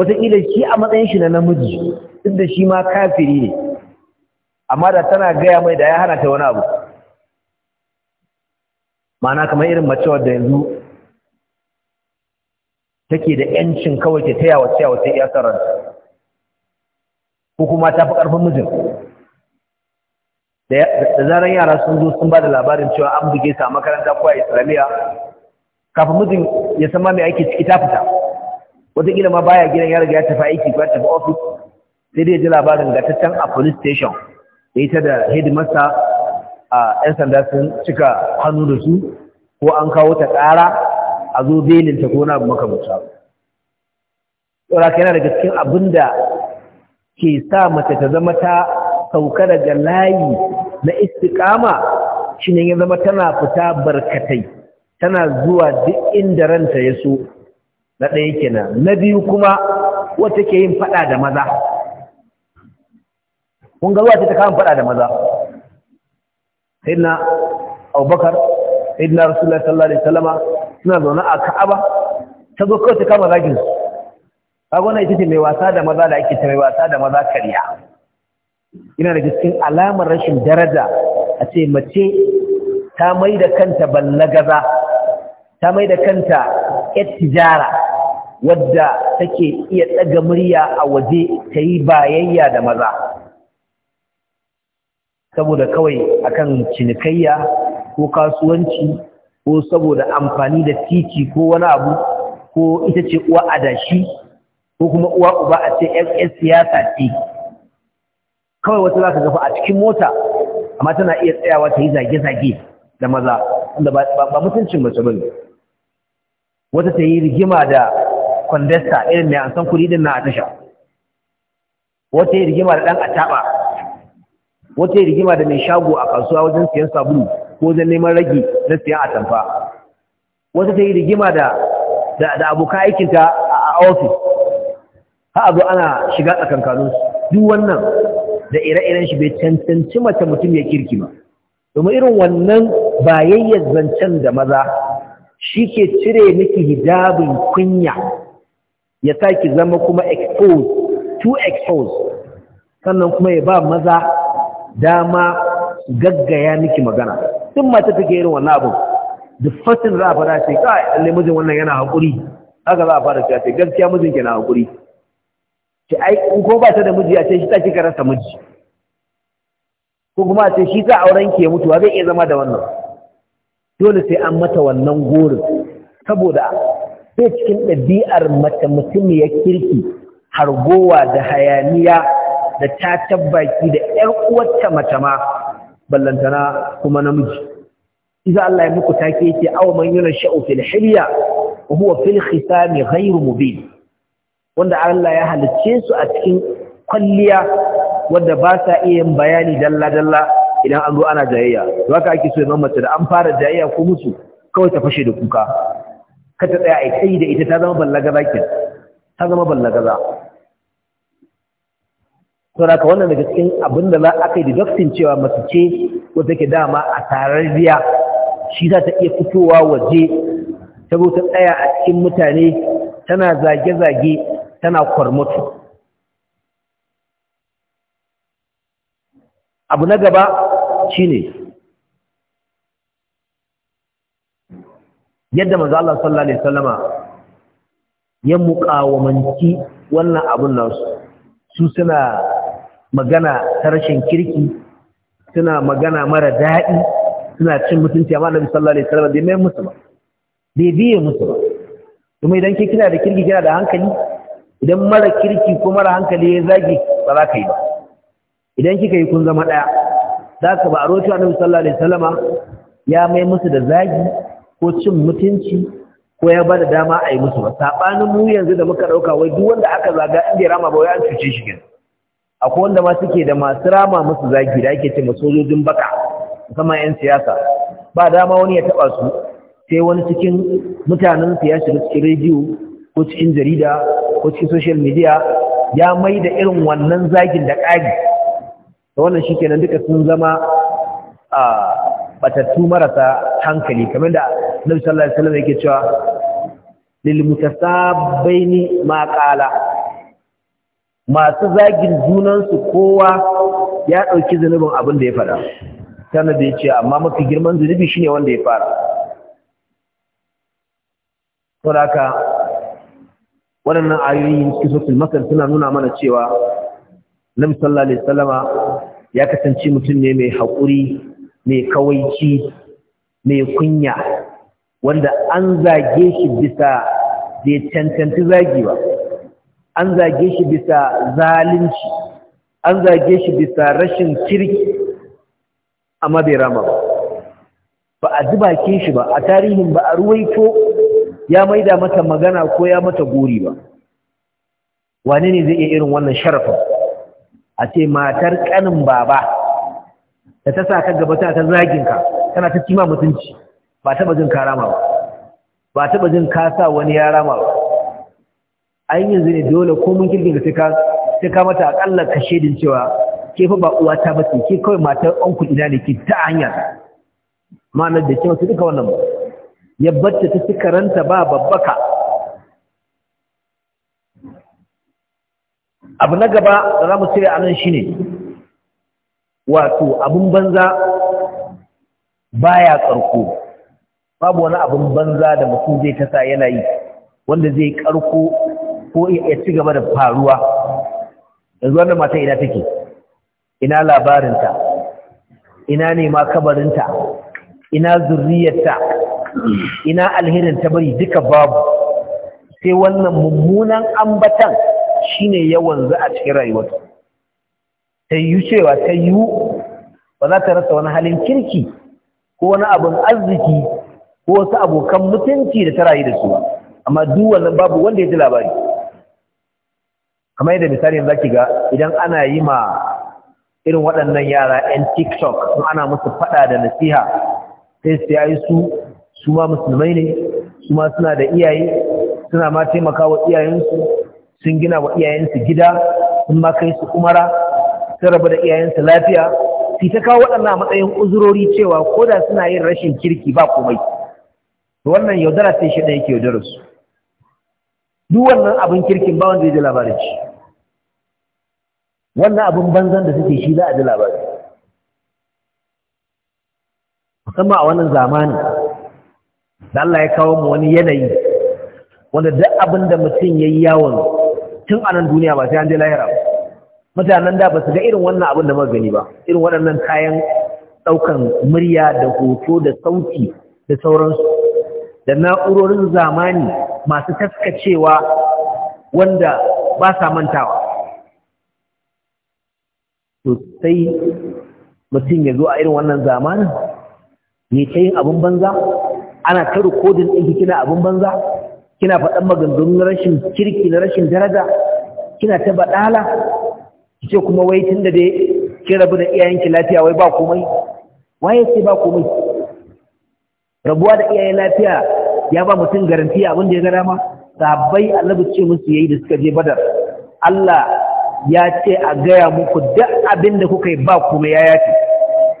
wataƙila shi a matsayin shi na namiji duk da shi ma kafiri ne amma da tana gaya mai da ya hana ta wani abu ma'ana kamar irin macewar da yanzu take da yancin kawai ta taya wacce wacce ya sarar ko kuma ta fi ƙarfin mijin da zaren yara sun zo sun ba da labarin cewa an buge sa makaranta ko a islamiyya kafin mijin ya san ma mai aiki ciki ta fita wataƙila ma baya gidan ya riga ya tafi aiki ko ya tafi ofis sai dai ji labarin gataccen a police station da ita da headmaster a 'yan sanda sun cika hannu da su ko an kawo ta ƙara a zo belin ta kona abu makamata ka yana daga cikin abin da ke sa mace ta zama ta sauka daga layi na istiƙama shi ne ya zama tana fita barkatai tana zuwa duk inda ranta ya so na ɗaya kenan na biyu kuma wacce ke yin faɗa da maza kun ga ce ta kawo faɗa da maza sayyidina abubakar sayyidina rasulullah sallallahu alaihi wasallama suna zaune a ka'aba ta zo kawai ta kama zagin su kagona ita ce mai wasa da maza da ake ta mai wasa da maza karya ina da cikin alamar rashin daraja a ce mace ta mai da kanta ballagaza ta mai da kanta yar tijara wadda take iya ɗaga murya a waje ta yi bayayya da maza saboda kawai akan cinikayya ko kasuwanci ko saboda amfani da titi ko wani abu ko ita ce uwa adashi ko kuma uwa uba a ce yan siyasa ce kawai wata za ka gafa a cikin mota amma tana iya tsayawa ta yi zage-zage da maza wanda ba mutuncin mace bane wata ta yi rigima da Kwandesta irin mai an san din na a tasha wata yi rigima da ɗan a taɓa wata yi rigima da mai shago a kasuwa wajen siyan sabulu ko wajen neman ragi na siyan atamfa wata ta yi rigima da da aikinta a ofis ha abu ana shiga tsakan-kano duk wannan da ire-iren shi bai cancanci mace mutum ya kirki ba domin irin wannan bayayyar zancen da maza shi ke cire miki hijabin kunya ya sa ki zama kuma expose to expose sannan kuma ya ba maza dama gaggaya miki magana tun mata take irin wannan abu the first thing za fara ce kai alle mijin wannan yana hakuri haka za a fara ce ce gaskiya mijin ke na hakuri ce ai in ko ba ta da miji a ce shi ta kika rasa miji ko kuma a ce shi ta auren ki ya mutu, zai iya zama da wannan dole sai an mata wannan gorin saboda sai cikin ɗabi'ar mace mutum ya kirki hargowa da hayaniya da ta tabbaki da ‘yan uwarta mace ma ballantana kuma namiji iza Allah ya muku take yake awa man yana sha'u fil hilya wa huwa fil khisami ghairu mubin wanda Allah ya halicce su a cikin kwalliya wanda ba sa iya yin bayani dalla dalla idan an zo ana jayayya to haka ake so ya mace da an fara jayayya ko musu kawai ta fashe da kuka ka ta tsaya a kai da ita ta zama ballagaza ke, ta zama ballagaza to da ka wannan daga cikin abin da za a kai deductin cewa mace ce wata ke dama a tarariya shi za ta iya fitowa waje ta zo ta tsaya a cikin mutane tana zage-zage tana kwarmutu abu na gaba shine yadda maza Allah sallallahu alaihi wasallama ya muƙawamanci wannan abun nasu su suna magana ta rashin kirki suna magana mara daɗi suna cin mutunci amma Nabi sallallahu alaihi wasallama bai mai musu ba bai biye musu ba kuma idan ke kina da kirki kina da hankali idan mara kirki ko mara hankali ya zagi ba za ka yi ba idan kika yi kun zama ɗaya za ka ba a rotu Nabi sallallahu alaihi wasallama ya mai musu da zagi ko cin mutunci ko ya ba da dama a yi musu ba saɓanin mu yanzu da muka ɗauka wai duk wanda aka zaga inda ya rama ba wai an cuce shi gani akwai wanda ma suke da masu rama musu zagi da ake ce sojojin baka musamman 'yan siyasa ba dama wani ya taɓa su sai wani cikin mutanen su ya shiga cikin rediyo ko cikin jarida ko cikin social media ya mai da irin wannan zagin da ƙari da wannan shi kenan duka sun zama a ah, batattu marasa hankali kamar da Nabi sallallahu alaihi wasallam yake cewa lil mutasabbaini ma qala masu zagin junansu kowa ya dauki zanubin abin da ya fada sannan da yace amma mafi girman zanubi shine wanda ya fara saboda waɗannan ayoyin cikin suratul masar suna nuna mana cewa Nabi sallallahu alaihi wasallama ya kasance mutum ne mai haƙuri mai kawaici mai kunya wanda an zage shi bisa bai cancanci zagi ba an zage shi bisa zalunci an zage shi bisa rashin kirki amma bai rama ba ba a ji bakin shi ba a tarihin ba a ruwaito ya maida mata magana ko ya mata gori ba wane ne zai iya irin wannan sharafin a ce matar kanin baba da ta sa ka gaba ta ta zagin ka kana ta kima mutunci ba taba jin rama ba ba taba jin ka sa wani ya rama ba an yanzu ne dole ko mun kirkin ka sai ka ka mata akalla ka shedin cewa ke fa ba uwa ta bace ke kawai matar anku ina ne ki ta hanya ma'anar da cewa su duka wannan ba ya bacce ta ci karanta ba babbaka abu na gaba da za mu sai a nan shine wato abin banza baya karko babu wani abin banza da mutum zai tasa yana yi wanda zai karko ko ya ci gaba da faruwa yanzu wannan mata ina take ina labarinta ina ne kabarinta ina zurriyarta ina alherin ta bari duka babu sai wannan mummunan ambatan shine yawan za a cikin rayuwarta ta yi cewa ta yi ba za ta rasa wani halin kirki ko wani abin arziki ko wasu abokan mutunci da ta rayu da su amma duk wannan babu wanda ya ji labari kamar yadda misali yanzu zaki ga idan ana yi ma irin waɗannan yara 'yan tiktok sun ana musu faɗa da nasiha sai su yi su su ma musulmai ne su ma suna da iyaye suna ma taimaka wa iyayensu sun gina wa iyayensu gida sun ma kai su umara sun rabu da iyayensu lafiya su ta kawo waɗannan matsayin uzurori cewa ko da suna yin rashin kirki ba komai to wannan yaudara sai shi ɗaya yake yaudara su duk wannan abin kirkin ba wanda ya ji labarin shi wannan abin banzan da suke shi za a ji labarin musamman a wannan zamani da Allah ya kawo mu wani yanayi wanda duk abin da mutum ya yi yawon tun anan duniya ba sai an je lahira ba mutanen da ba su ga irin wannan abin da magani gani ba irin waɗannan kayan ɗaukan murya da hoto da sauti da sauransu da na'urorin zamani masu taskacewa wanda ba sa mantawa to sai mutum ya zo a irin wannan zamanin ne ta yin abin banza ana ta rikodin ɗinki kina abin banza kina faɗan maganganun rashin kirki na rashin daraja kina ta baɗala ce kuma wai tun da dai ke rabu da iyayenki lafiya wai ba komai waye ce ba komai rabuwa da iyayen lafiya ya ba mutum garanti abin da ya gara ma? sabai annabi ce musu yayi da suka je badar Allah ya ce a gaya muku duk abin da kuka yi ba komai ya yace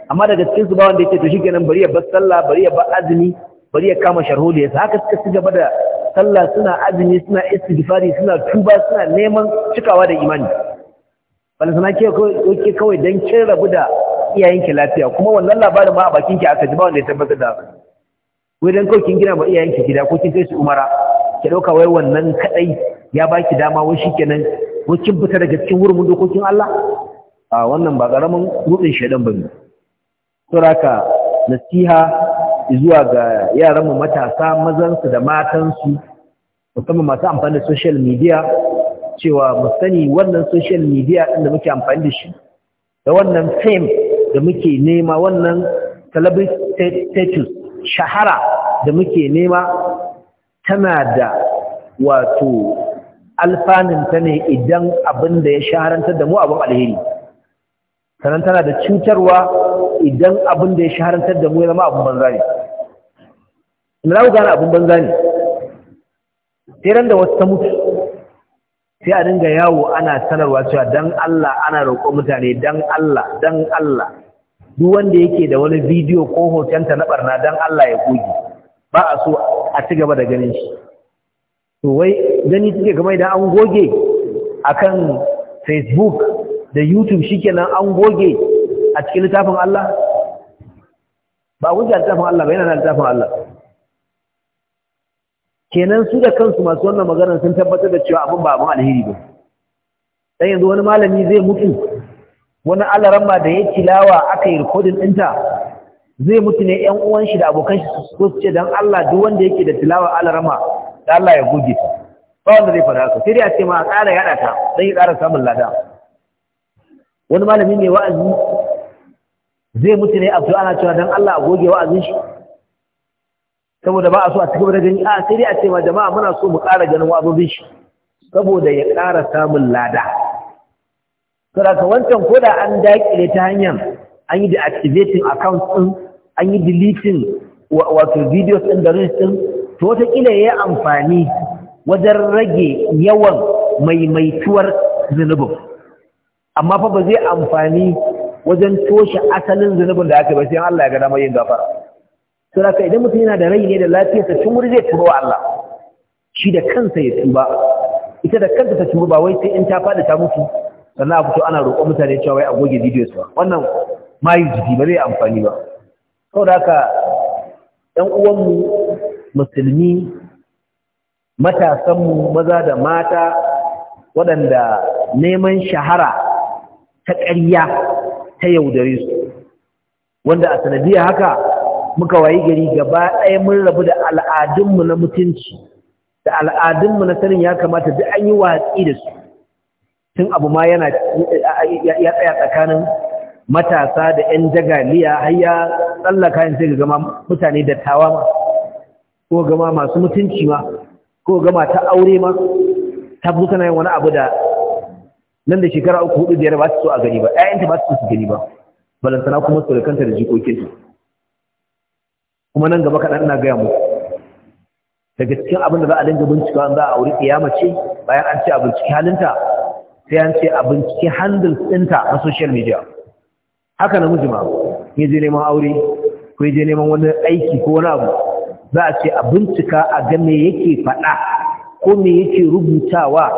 amma daga cikin su ba wanda yake to shikenan bari ya bar sallah bari ya bar azumi bari ya kama da yasa haka suka ci gaba da sallah suna azumi suna istighfari suna tuba suna neman cikawa da imani wani sana ke kawai don kin rabu da iyayenki lafiya kuma wannan labarin ma a bakin ki aka ji ba wanda ya tabbatar da haka wai don kawai kin gina ba iyayenki gida ko kin kai su umara ki dauka wai wannan kadai ya baki dama wai shikenan ko kin fita daga cikin hurumin dokokin Allah a wannan ba ƙaramin rudin shaidan bane saboda nasiha zuwa ga yaran mu matasa mazan su da matan su musamman masu amfani da social media cewa musani wannan social media ɗin da muke amfani da shi da wannan fame da muke nema wannan celebrity status shahara da muke nema tana da wato alfaninta ne idan abin da ya shaharantar da mu abin alheri sannan tana da cutarwa idan abin da ya shaharantar da mu ya zama abin banza ne ina gane abin banza ne sai ran da wasu ta mutu sai a dinga yawo ana sanarwa cewa dan Allah ana roƙo mutane dan Allah dan Allah duk wanda yake da wani bidiyo ko hotonta na barna dan Allah ya goge ba a so a ci gaba da ganin shi to wai gani take kamar idan an goge akan Facebook da YouTube shikenan an goge a cikin littafin Allah ba wuce littafin Allah ba yana da littafin Allah kenan su da kansu masu wannan maganar sun tabbatar da cewa abin ba abin alheri ba dan yanzu wani malami zai mutu wani alaramba da ya tilawa aka yi rikodin ɗinta zai mutu ne ‘yan uwan shi da abokan shi su ce don Allah duk wanda yake da tilawa alarama da Allah ya goge ta ba wanda zai fara haka sai dai a ce ma a ƙara yada ta don ya tsara samun lada wani malami ne wa'azi zai mutu ne a ana cewa don Allah a goge wa'azin shi saboda ba a so a cikin da gani a sai dai a ce ma jama'a muna so mu ƙara ganin wa'azobin shi saboda ya ƙara samun lada saboda wancan ko da an daƙile ta hanyar an yi deactivating activating account ɗin an yi deleting wato videos ɗin da reels ɗin to wataƙila ya yi amfani wajen rage yawan maimaituwar zunubin amma fa ba zai amfani wajen toshe asalin zunubin da aka ba sai Allah ya ga damar yin gafara sai idan mutum yana da rai ne da lafiyarsa tun wuri zai turo Allah shi da kansa ya tuba ita da kanta ta tuba ba wai sai in ta fada ta mutu sannan a fito ana roƙon mutane cewa wai a goge bidiyo su wannan mayu jiki ba zai amfani ba saboda haka 'yan uwanmu musulmi matasanmu maza da mata waɗanda neman shahara ta ƙarya ta yaudare su wanda a sanadiyar haka muka wayi gari gaba ɗaya mun rabu da al'adunmu na mutunci da al'adunmu na sanin ya kamata duk an yi watsi da su tun abu ma yana ya tsaya tsakanin matasa da 'yan jagaliya har ya tsallaka yin sai ga gama mutane da tawa ma ko gama masu mutunci ma ko gama ta aure ma ta fi yin wani abu da nan da shekara uku hudu biyar ba su so a gani ba 'ya'yanta ba su so su gani ba balantana kuma su da kanta da jikokinsu. kuma nan gaba kaɗan na gaya muku daga cikin abin da za a dinga bincika za a auri iyama ce bayan an ce a binciki halinta sai an ce a binciki handles ɗinta na social media haka namiji ma ya je neman aure ko ya je neman wani aiki ko wani abu za a ce a bincika a ga me yake faɗa ko me yake rubutawa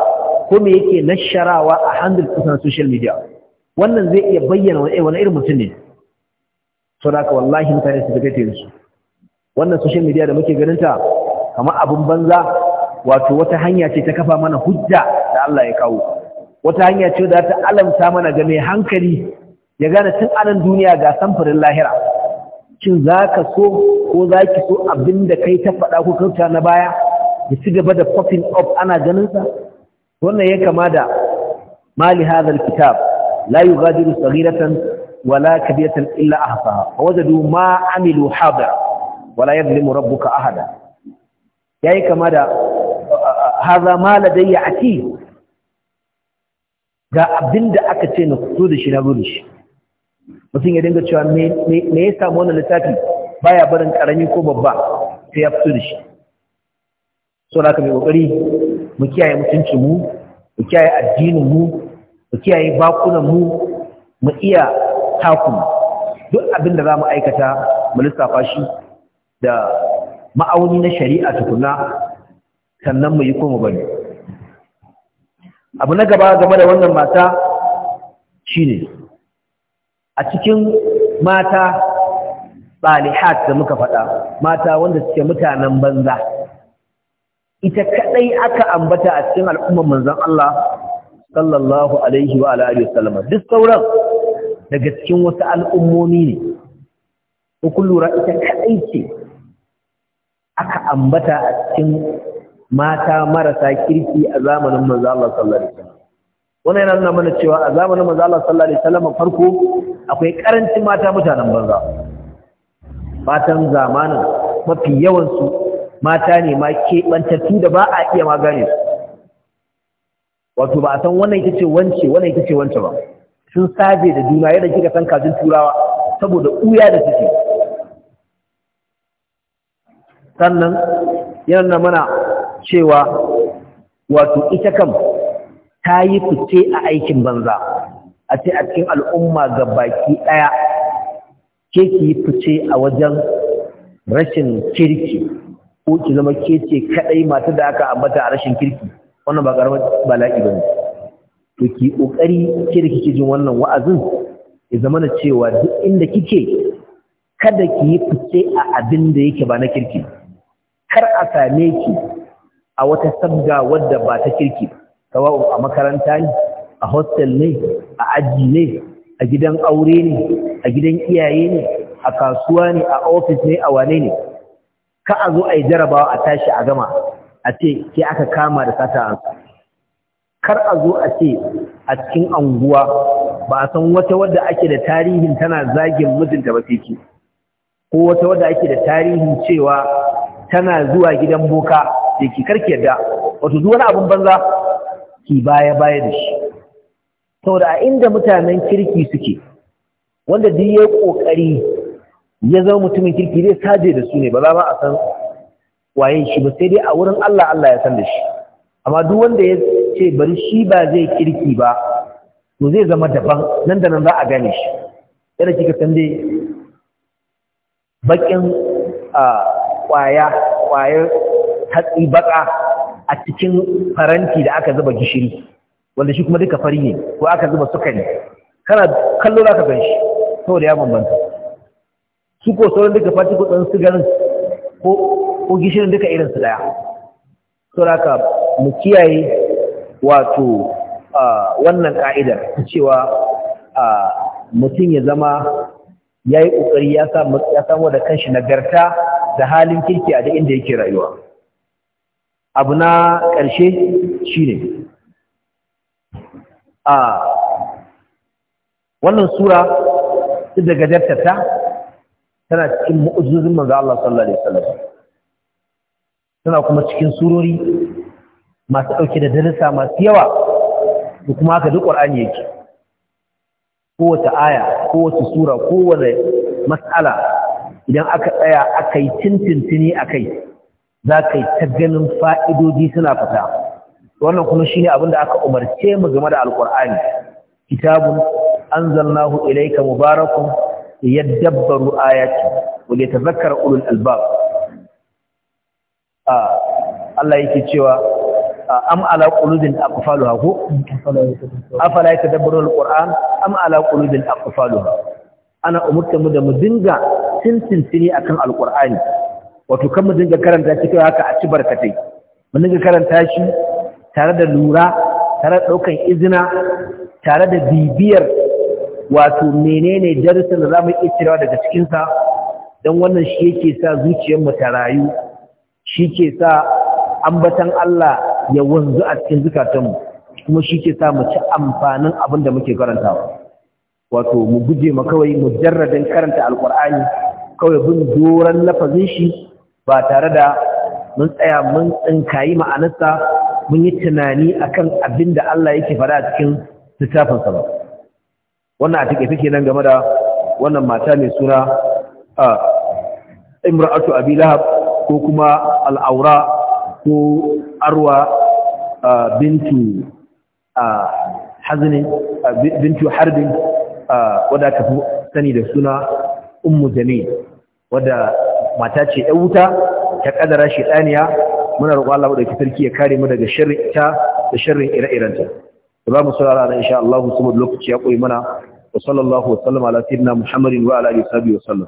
ko me yake nasharawa a handles ɗinsa na social media wannan zai iya bayyana wani eh, irin mutum ne saboda haka wallahi mutane su ga su wannan social media da muke ganin ta kamar abin banza wato wata hanya ce ta kafa mana hujja da Allah ya kawo wata hanya ce da ta alamta mana ga mai hankali ya gane tun anan duniya ga samfurin lahira shin zaka so ko zaki so abinda kai ta faɗa ko kauta na baya ya ci gaba da popping up ana ganin sa wannan ya kama da mali hadha alkitab la yughadiru saghiratan wala kabiratan illa ahsaha wajadu ma amilu hadira wala yadlimu rabbuka ahada yayi kama da haza ma ladayya ati ga abinda aka ce na fito da shi na gudu shi mutum ya dinga cewa me ya samu wannan littafi baya barin karami ko babba sai ya fito da shi so da ka mai kokari mu kiyaye mutuncin mu mu kiyaye addinin mu mu kiyaye bakunan mu mu iya taku duk abinda zamu za mu aikata mu lissafa shi da ma'auni na shari'a tukuna sannan mu yi kuma bane abu na gaba game da wannan mata shine a cikin mata salihat da muka faɗa mata wanda suke mutanen banza ita kadai aka ambata a cikin al'ummar manzon Allah sallallahu alaihi wa alihi sallama duk sauran daga cikin wasu al'ummomi ne ku ita kadai ce ambata a cikin mata marasa kirki a zamanin manzo Allah sallallahu alaihi wasallam wannan yana nuna mana cewa a zamanin manzo Allah sallallahu alaihi wasallam farko akwai karancin mata mutanen banza fatan zamanin mafi yawan su mata ne ma keɓantattu da ba a iya magane su wato ba a san wannan ita ce wance wannan yake ce wance ba sun saje da juna yadda kika san kajin turawa saboda uya da suke sannan yana mana cewa wato ita kam ta yi fice a aikin banza a ce a cikin al'umma ga baki ɗaya ke ki yi fice a wajen rashin kirki ko ki zama ke ce kaɗai mata da aka ambata a rashin kirki wannan ba ƙaramar bala'i ba ne to ki ƙoƙari ke da kike jin wannan wa'azin ya zama na cewa duk inda kike kada ki yi fice a abin da yake ba na kirki kar a same ki a wata sabga wadda ba ta kirki ba sawa'u a makaranta ne a hostel ne a aji ne a gidan aure ne a gidan iyaye ne a kasuwa ne a ofis ne a wane ne ka a zo a yi jarabawa a tashi a gama a ce ke aka kama da sata an kar a zo a ce a cikin anguwa ba a san wata wadda ake da tarihin tana zagin mijinta ba sai ko wata wadda ake da tarihin cewa tana zuwa gidan boka da ki karki yadda wato zuwa na abun banza ki baya baya da shi saboda a inda mutanen kirki suke wanda duk ya ƙoƙari ya zama mutumin kirki zai saje da su ne ba za ma a san waye shi ba sai dai a wurin Allah Allah ya san da shi amma duk wanda ya ce bari shi ba zai kirki ba to zai zama daban nan da nan za a gane shi yana kika san dai bakin a ah, Kwaya, kwayar hatsi baka a cikin faranti da aka zuba gishiri wanda shi kuma duka fari ne ko aka zuba sukari kana kallo za ka ganshi. shi saboda ya bambanta su ko sauran duka fati kudin sigarin ko gishirin duka su daya sau da ka mu kiyaye wato wannan ka'idar ta cewa mutum ya zama ya yi ƙoƙari ya samu da kanshi nagarta da halin kirki a duk inda yake rayuwa abu na ƙarshe shine a wannan sura duk daga gajartarta tana cikin mu'ujizin manzo Allah sallallahu alaihi wasallam tana kuma cikin surori masu ɗauke da darasa masu yawa da kuma haka duk ƙwar'ani yake kowace aya kowace sura kowace matsala. idan aka tsaya aka yi tintintini a kai za ka yi ta ganin fa'idodi suna fata. wannan kuma shi ne abinda aka umarce mu game da alƙur'ani kitabun an zannahu ilaika mubarakun ya dabbaru ayati wadda ta zakar ulul albab Allah yake cewa am ala qulubin aqfaluha ko afala yatadabbaru alquran am ala qulubin aqfaluha ana umurta mu da mu dinga tintintini akan alkur'ani wato kan mu dinga karanta shi kai haka a ci barkatai mu dinga karanta shi tare da lura tare da daukan izina tare da bibiyar wato menene darasin da zamu iya cirewa daga cikin sa dan wannan shi yake sa zuciyar mu ta rayu shi ke sa ambatan Allah ya wanzu a cikin zukatanmu kuma shi ke sa mu ci amfanin abin da muke karantawa wato mu guje ma kawai mu mujarradin karanta alkur'ani kawai bin doron lafazin shi ba tare da mun tsaya mun tsinkayi ma'anarsa mun yi tunani akan abin da Allah yake fara a cikin littafinsa ba wannan a take nan game da wannan mata mai suna a imra'atu abi ko kuma al'aura ko arwa bintu hazinin bintu harbin wadda ka fi sani da suna ummu Jami'i. wadda mata ce ɗan wuta ta ƙadara shi shaɗaniya muna roƙo Allah da sarki ya kare mu daga sharrin ita da sharrin ire iren ta. ba mu saurara na insha Allah saboda lokaci ya koyi mana wa sallallahu wa sallama ala sayyidina Muhammadin wa ala alihi wa sallam